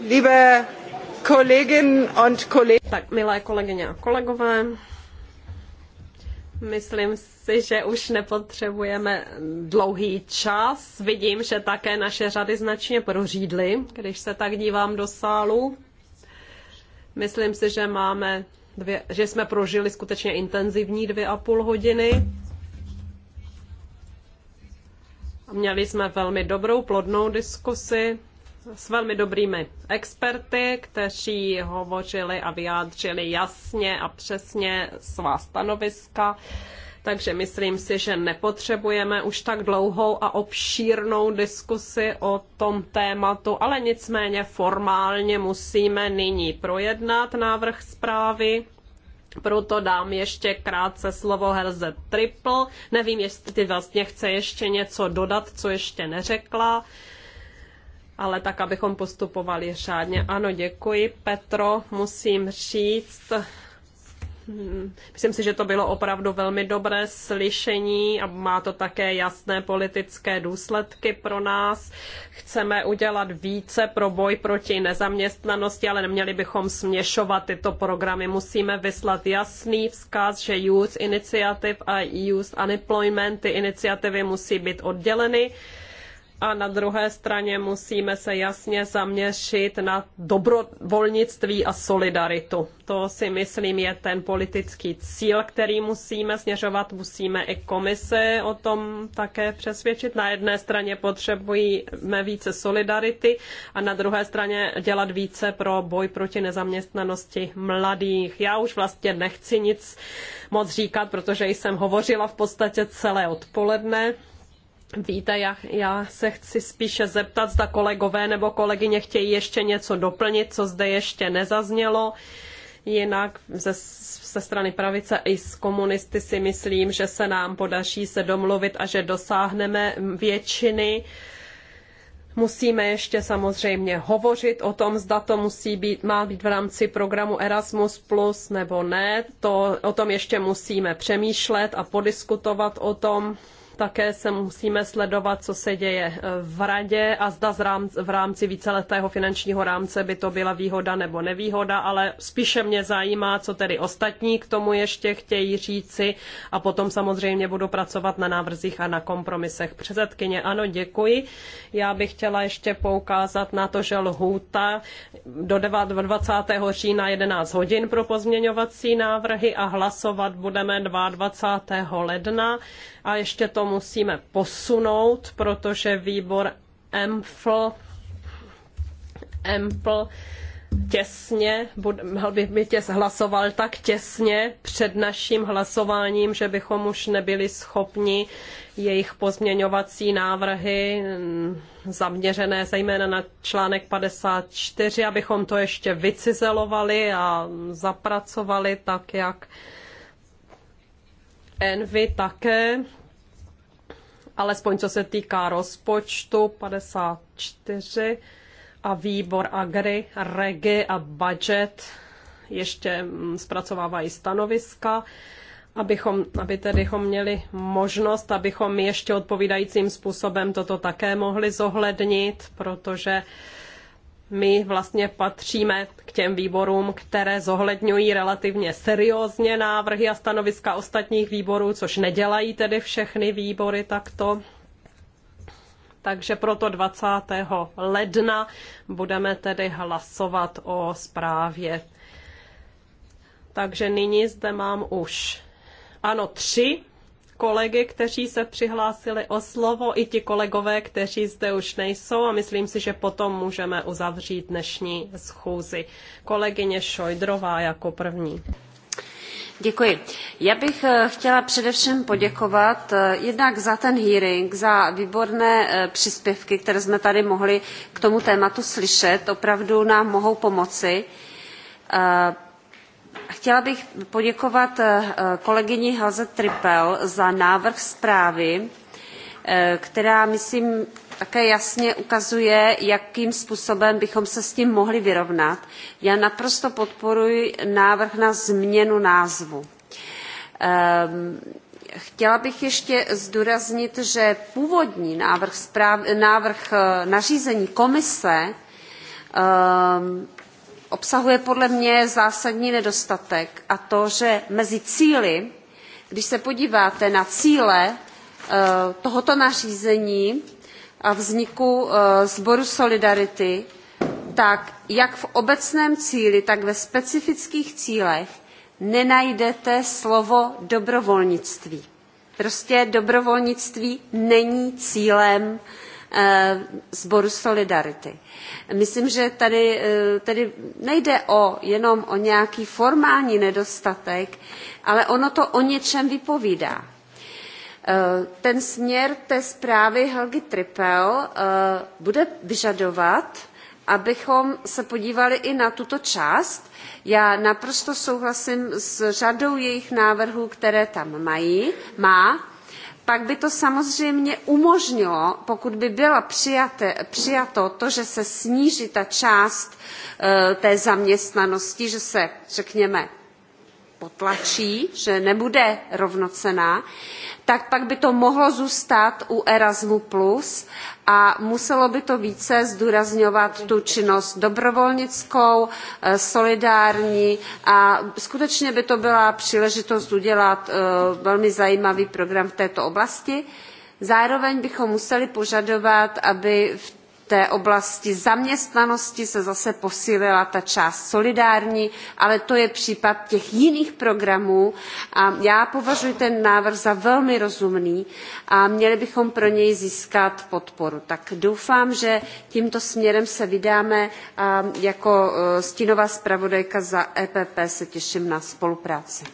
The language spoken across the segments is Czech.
Liebe Kolleginnen und Kollegen. Tak, milé kolegyně a kolegové, myslím si, že už nepotřebujeme dlouhý čas. Vidím, že také naše řady značně prořídly, když se tak dívám do sálu. Myslím si, že máme dvě, že jsme prožili skutečně intenzivní dvě a půl hodiny. Měli jsme velmi dobrou, plodnou diskusi s velmi dobrými experty, kteří hovořili a vyjádřili jasně a přesně svá stanoviska. Takže myslím si, že nepotřebujeme už tak dlouhou a obšírnou diskusi o tom tématu, ale nicméně formálně musíme nyní projednat návrh zprávy. Proto dám ještě krátce slovo Helze Triple. Nevím, jestli ty vlastně chce ještě něco dodat, co ještě neřekla ale tak, abychom postupovali řádně. Ano, děkuji, Petro, musím říct, hm, Myslím si, že to bylo opravdu velmi dobré slyšení a má to také jasné politické důsledky pro nás. Chceme udělat více pro boj proti nezaměstnanosti, ale neměli bychom směšovat tyto programy. Musíme vyslat jasný vzkaz, že Youth Initiative a Youth Unemployment, ty iniciativy musí být odděleny a na druhé straně musíme se jasně zaměřit na dobrovolnictví a solidaritu. To si myslím je ten politický cíl, který musíme směřovat. Musíme i komise o tom také přesvědčit. Na jedné straně potřebujeme více solidarity a na druhé straně dělat více pro boj proti nezaměstnanosti mladých. Já už vlastně nechci nic moc říkat, protože jsem hovořila v podstatě celé odpoledne Víte, já, já se chci spíše zeptat, zda kolegové nebo kolegyně chtějí ještě něco doplnit, co zde ještě nezaznělo. Jinak ze, ze strany pravice i z komunisty si myslím, že se nám podaří se domluvit a že dosáhneme většiny. Musíme ještě samozřejmě hovořit o tom, zda to musí být, má být v rámci programu Erasmus Plus nebo ne. To, o tom ještě musíme přemýšlet a podiskutovat o tom také se musíme sledovat, co se děje eh, v radě a zda v rámci víceletého finančního rámce by to byla výhoda nebo nevýhoda, ale spíše mě zajímá, co tedy ostatní k tomu ještě chtějí říci a potom samozřejmě budu pracovat na návrzích a na kompromisech. Předsedkyně, ano, děkuji. Já bych chtěla ještě poukázat na to, že lhůta do 20. října 11 hodin pro pozměňovací návrhy a hlasovat budeme 22. ledna a ještě to musíme posunout, protože výbor EMFL, EMFL těsně, by, mi těs hlasoval tak těsně před naším hlasováním, že bychom už nebyli schopni jejich pozměňovací návrhy zaměřené zejména na článek 54, abychom to ještě vycizelovali a zapracovali tak, jak Envy také alespoň co se týká rozpočtu 54 a výbor Agri, Regi a budget ještě mm, zpracovávají stanoviska abychom, aby tedy měli možnost, abychom ještě odpovídajícím způsobem toto také mohli zohlednit, protože my vlastně patříme k těm výborům, které zohledňují relativně seriózně návrhy a stanoviska ostatních výborů, což nedělají tedy všechny výbory takto. Takže proto 20. ledna budeme tedy hlasovat o zprávě. Takže nyní zde mám už ano, tři kolegy, kteří se přihlásili o slovo, i ti kolegové, kteří zde už nejsou a myslím si, že potom můžeme uzavřít dnešní schůzi. Kolegyně Šojdrová jako první. Děkuji. Já bych eh, chtěla především poděkovat eh, jednak za ten hearing, za výborné eh, příspěvky, které jsme tady mohli k tomu tématu slyšet. Opravdu nám mohou pomoci Chtěla bych poděkovat eh, kolegyni Helze Tripel za návrh zprávy, eh, která, myslím, také jasně ukazuje, jakým způsobem bychom se s tím mohli vyrovnat. Já naprosto podporuji návrh na změnu názvu. Ehm, chtěla bych ještě zdůraznit, že původní návrh, návrh eh, nařízení komise ehm, obsahuje podle mě zásadní nedostatek a to, že mezi cíly, když se podíváte na cíle eh, tohoto nařízení a vzniku eh, sboru Solidarity, tak jak v obecném cíli, tak ve specifických cílech nenajdete slovo dobrovolnictví. Prostě dobrovolnictví není cílem uh, Eh, sboru Solidarity. Myslím, že tady, eh, tady nejde o, jenom o nějaký formální nedostatek, ale ono to o něčem vypovídá. Eh, ten směr té zprávy Helgi Trippel bude vyžadovat, abychom se podívali i na tuto část. Já naprosto souhlasím s řadou jejich návrhů, které tam mají, má, pak by to samozřejmě umožnilo, pokud by bylo přijato to, že se sníží ta část eh, té zaměstnanosti, že se, řekněme, potlačí, že nebude rovnocená, tak pak by to mohlo zůstat u Erasmu+, Plus a muselo by to více zdůrazňovat tu činnost dobrovolnickou, eh, solidární a skutečně by to byla příležitost udělat eh, velmi zajímavý program v této oblasti. Zároveň bychom museli požadovat, aby v té oblasti zaměstnanosti se zase posílila ta část solidární, ale to je případ těch jiných programů a já považuji ten návrh za velmi rozumný a měli bychom pro něj získat podporu. Tak doufám, že tímto směrem se vydáme a jako e, stínová zpravodajka za EPP se těším na spolupráci.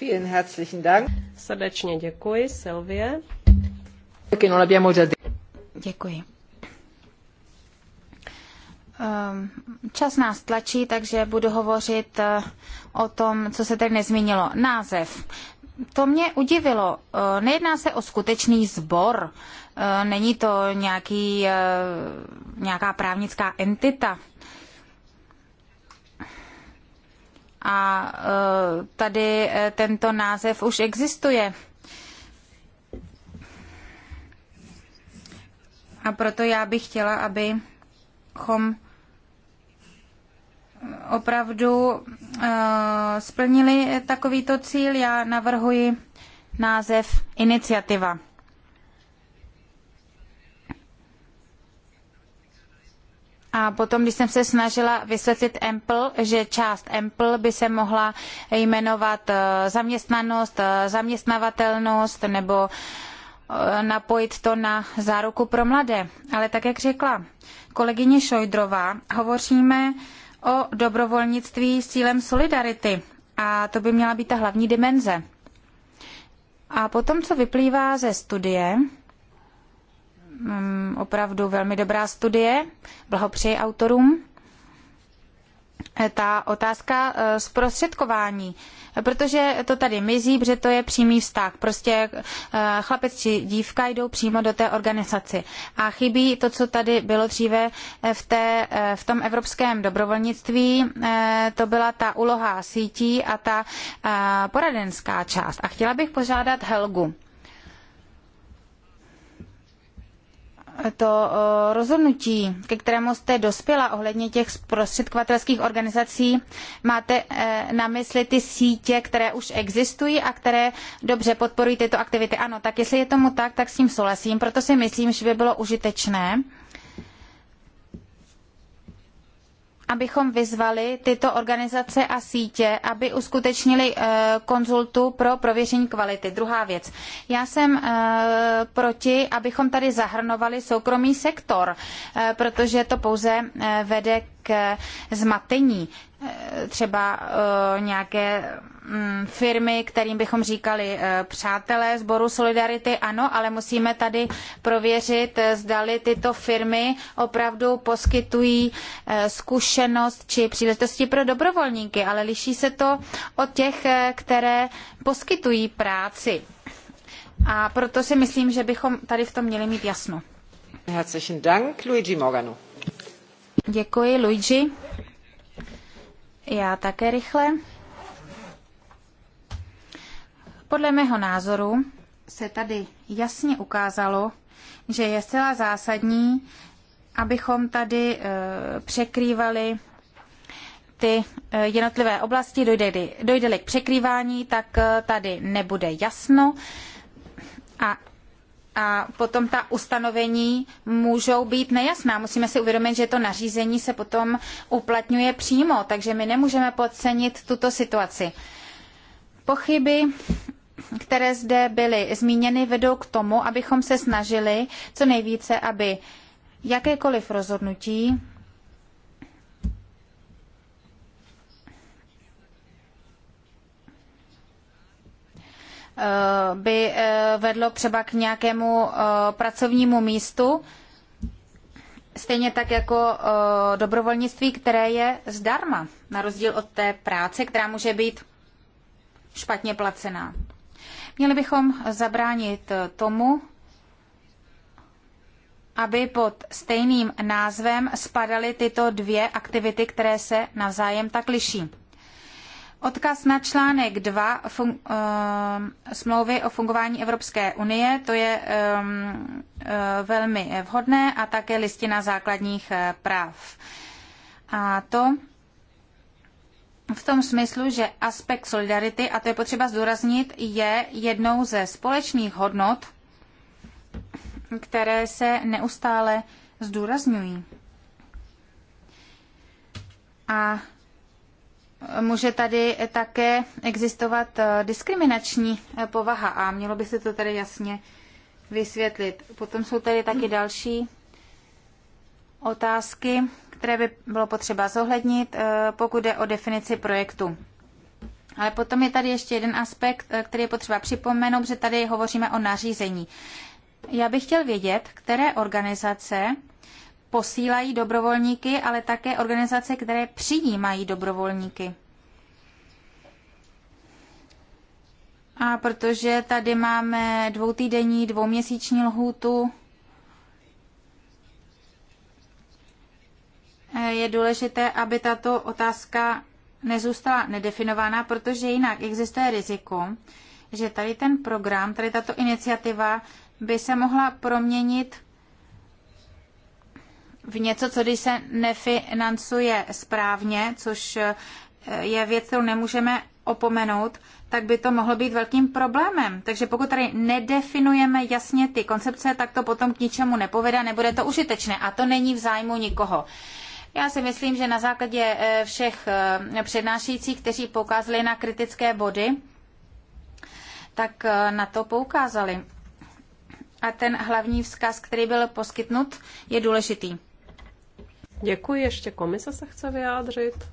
Vielen herzlichen Dank. Srdečně děkuji, Silvie. Děkuji. Ehm, čas nás tlačí, takže budu hovořit eh, o tom, co se tady nezmínilo. Název. To mě udivilo. Eh, nejedná se o skutečný sbor. Eh, není to nějaký, nějaká právnická entita. A tady tento název už existuje. A proto já bych chtěla, abychom opravdu eh, splnili takovýto cíl. Já navrhuji název iniciativa. A potom, když jsem se snažila vysvětlit EMPL, že část EMPL by se mohla jmenovat eh, zaměstnanost, eh, zaměstnavatelnost nebo uh, napojit to na záruku pro mladé. Ale tak, jak řekla kolegyně Šojdrová, hovoříme o dobrovolnictví s cílem solidarity a to by měla být ta hlavní dimenze. A potom, co vyplývá ze studie, mm, opravdu velmi dobrá studie, blahopřeji autorům, ta otázka eh, zprostředkování, protože to tady mizí, protože to je přímý vztah. Prostě eh, chlapec či dívka jdou přímo do té organizace. A chybí to, co tady bylo dříve eh, v, té, v tom evropském dobrovolnictví, to byla ta úloha sítí a ta poradenská část. A chtěla bych požádat Helgu to eh, rozhodnutí, ke kterému jste dospěla ohledně těch zprostředkovatelských organizací, máte eh, na mysli ty sítě, které už existují a které dobře podporují tyto aktivity? Ano, tak jestli je tomu tak, tak s tím souhlasím, proto si myslím, že by bylo užitečné, abychom vyzvali tyto organizace a sítě, aby uskutečnili eh, konzultu pro prověření kvality. Druhá věc. Já jsem eh, proti, abychom tady zahrnovali soukromý sektor, eh, protože to pouze vede k zmatení třeba eh, nějaké mm, firmy, kterým bychom říkali eh, přátelé sboru Solidarity, ano, ale musíme tady prověřit, eh, zdali tyto firmy opravdu poskytují zkušenost či příležitosti pro dobrovolníky, ale liší se to od těch, které poskytují práci. A proto si myslím, že bychom tady v tom měli mít jasno. Herzlichen Dank, Luigi Morgano. Děkuji, Luigi. Já také rychle. Podle mého názoru se tady jasně ukázalo, že je zcela zásadní, abychom tady eh, překrývali ty eh, jednotlivé oblasti, dojde-li, dojde k překrývání, tak eh, tady nebude jasno. A a potom ta ustanovení můžou být nejasná. Musíme si uvědomit, že to nařízení se potom uplatňuje přímo, takže my nemůžeme podcenit tuto situaci. Pochyby které zde byly zmíněny, vedou k tomu, abychom se snažili co nejvíce, aby jakékoliv rozhodnutí Eh, by eh, vedlo třeba k nějakému eh, pracovnímu místu, stejně tak jako dobrovolnictví, které je zdarma, na rozdíl od té práce, která může být špatně placená. Měli bychom zabránit tomu, aby pod stejným názvem spadaly tyto dvě aktivity, které se navzájem tak liší. Odkaz na článek 2 fun- uh, smlouvy o fungování Evropské unie, to je um, uh, velmi vhodné, a také listina základních práv. A to v tom smyslu, že aspekt solidarity, a to je potřeba zdůraznit, je jednou ze společných hodnot, které se neustále zdůrazňují. A může tady také existovat eh, diskriminační eh, povaha a mělo by se to tady jasně vysvětlit. Potom jsou tady taky další otázky, které by bylo potřeba zohlednit, eh, pokud je o definici projektu. Ale potom je tady ještě jeden aspekt, který je potřeba připomenout, že tady hovoříme o nařízení. Já bych chtěl vědět, které organizace posílají dobrovolníky, ale také organizace, které přijímají dobrovolníky. A protože tady máme dvoutýdenní, dvouměsíční lhůtu, je důležité, aby tato otázka nezůstala nedefinována, protože jinak existuje riziko, že tady ten program, tady tato iniciativa by se mohla proměnit v něco, co když se nefinancuje správně, což eh, je věc, kterou nemůžeme opomenout, tak by to mohlo být velkým problémem. Takže pokud tady nedefinujeme jasně ty koncepce, tak to potom k ničemu nepovede a nebude to užitečné. A to není v zájmu nikoho. Já si myslím, že na základě eh, všech eh, přednášejících, kteří poukázali na kritické body, tak na to poukázali. A ten hlavní vzkaz, který byl poskytnut, je důležitý. Děkuji, ještě komise se chce vyjádřit.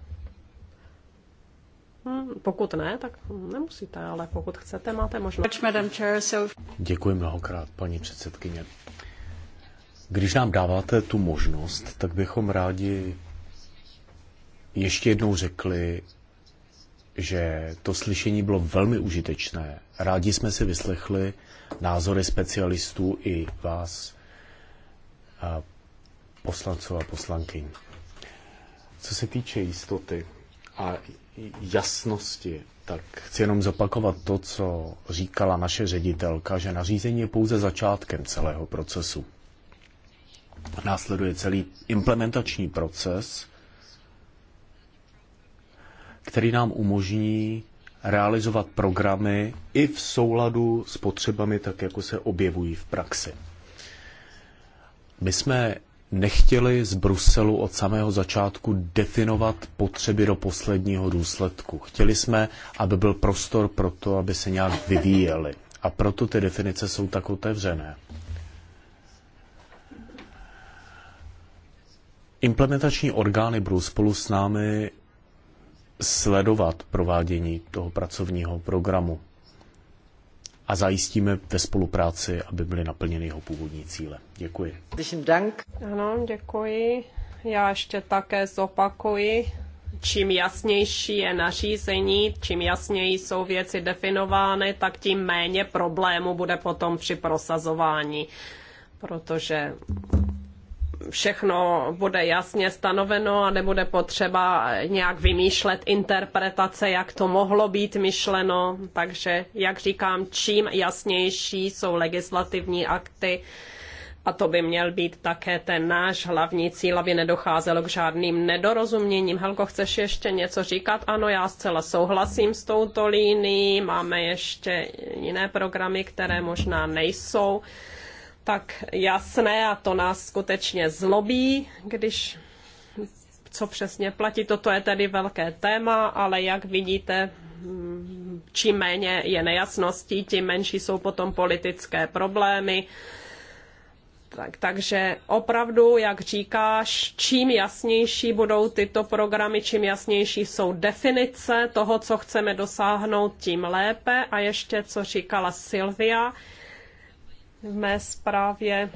Hm, pokud ne, tak nemusíte, ale pokud chcete, máte možnost. Děkuji mnohokrát, paní předsedkyně. Když nám dáváte tu možnost, tak bychom rádi ještě jednou řekli, že to slyšení bylo velmi užitečné. Rádi jsme si vyslechli názory specialistů i vás poslanců a poslankyň. Co se týče jistoty a jasnosti, tak chci jenom zopakovat to, co říkala naše ředitelka, že nařízení je pouze začátkem celého procesu. Následuje celý implementační proces, který nám umožní realizovat programy i v souladu s potřebami, tak jako se objevují v praxi. My jsme nechtěli z Bruselu od samého začátku definovat potřeby do posledního důsledku. Chtěli jsme, aby byl prostor pro to, aby se nějak vyvíjeli. A proto ty definice jsou tak otevřené. Implementační orgány budou spolu s námi sledovat provádění toho pracovního programu a zajistíme ve spolupráci, aby byly naplněny jeho původní cíle. Děkuji. Ano, děkuji. Já ještě také zopakuji čím jasnější je nařízení, čím jasněji jsou věci definovány, tak tím méně problémů bude potom při prosazování. Protože všechno bude jasně stanoveno a nebude potřeba nějak vymýšlet interpretace, jak to mohlo být myšleno. Takže, jak říkám, čím jasnější jsou legislativní akty, a to by měl být také ten náš hlavní cíl, aby nedocházelo k žádným nedorozuměním. Helko, chceš ještě něco říkat? Ano, já zcela souhlasím s touto línií. Máme ještě jiné programy, které možná nejsou tak jasné a to nás skutečně zlobí, když co přesně platí. Toto je tedy velké téma, ale jak vidíte, čím méně je nejasností, tím menší jsou potom politické problémy. Tak, takže opravdu, jak říkáš, čím jasnější budou tyto programy, čím jasnější jsou definice toho, co chceme dosáhnout, tím lépe. A ještě, co říkala Silvia, v mé zprávě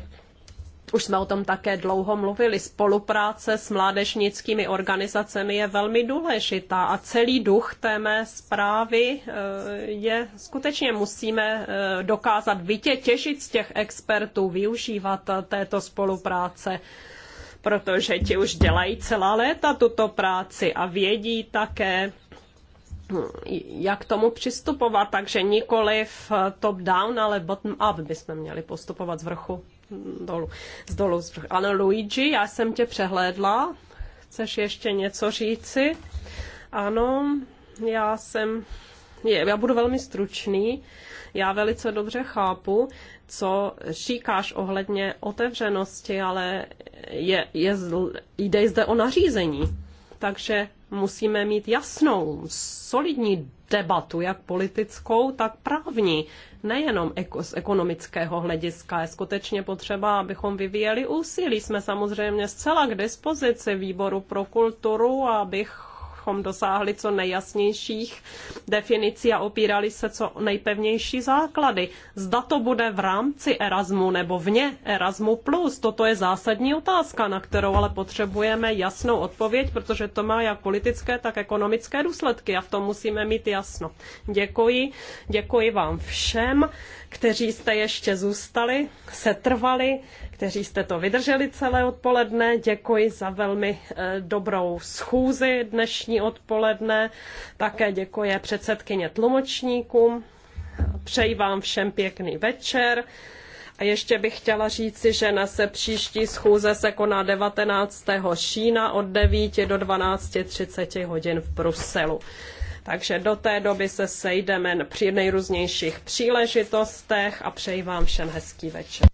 už jsme o tom také dlouho mluvili. Spolupráce s mládežnickými organizacemi je velmi důležitá a celý duch té mé zprávy eh, je skutečně musíme eh, dokázat vytěžit těžit z těch expertů, využívat eh, této spolupráce protože ti už dělají celá léta tuto práci a vědí také, jak tomu přistupovat, takže nikoliv top-down, ale bottom-up bychom měli postupovat z vrchu dolů. Z dolů z vrchu. Ano, Luigi, já jsem tě přehlédla. Chceš ještě něco říci? Ano, já jsem... Je, já budu velmi stručný. Já velice dobře chápu, co říkáš ohledně otevřenosti, ale je, je, jde zde o nařízení. Takže musíme mít jasnou, solidní debatu, jak politickou, tak právní, nejenom z ekonomického hlediska. Je skutečně potřeba, abychom vyvíjeli úsilí. Jsme samozřejmě zcela k dispozici výboru pro kulturu, abych abychom dosáhli co nejjasnějších definicí a opírali se co nejpevnější základy. Zda to bude v rámci Erasmu nebo vně Erasmu+, plus, toto je zásadní otázka, na kterou ale potřebujeme jasnou odpověď, protože to má jak politické, tak ekonomické důsledky a v tom musíme mít jasno. Děkuji, děkuji vám všem, kteří jste ještě zůstali, setrvali kteří jste to vydrželi celé odpoledne. Děkuji za velmi eh, dobrou schůzi dnešní odpoledne. Také děkuji předsedkyně tlumočníkům. Přeji vám všem pěkný večer. A ještě bych chtěla říci, že na se příští schůze se koná 19. října od 9 do 12.30 hodin v Bruselu. Takže do té doby se sejdeme při nejrůznějších příležitostech a přeji vám všem hezký večer.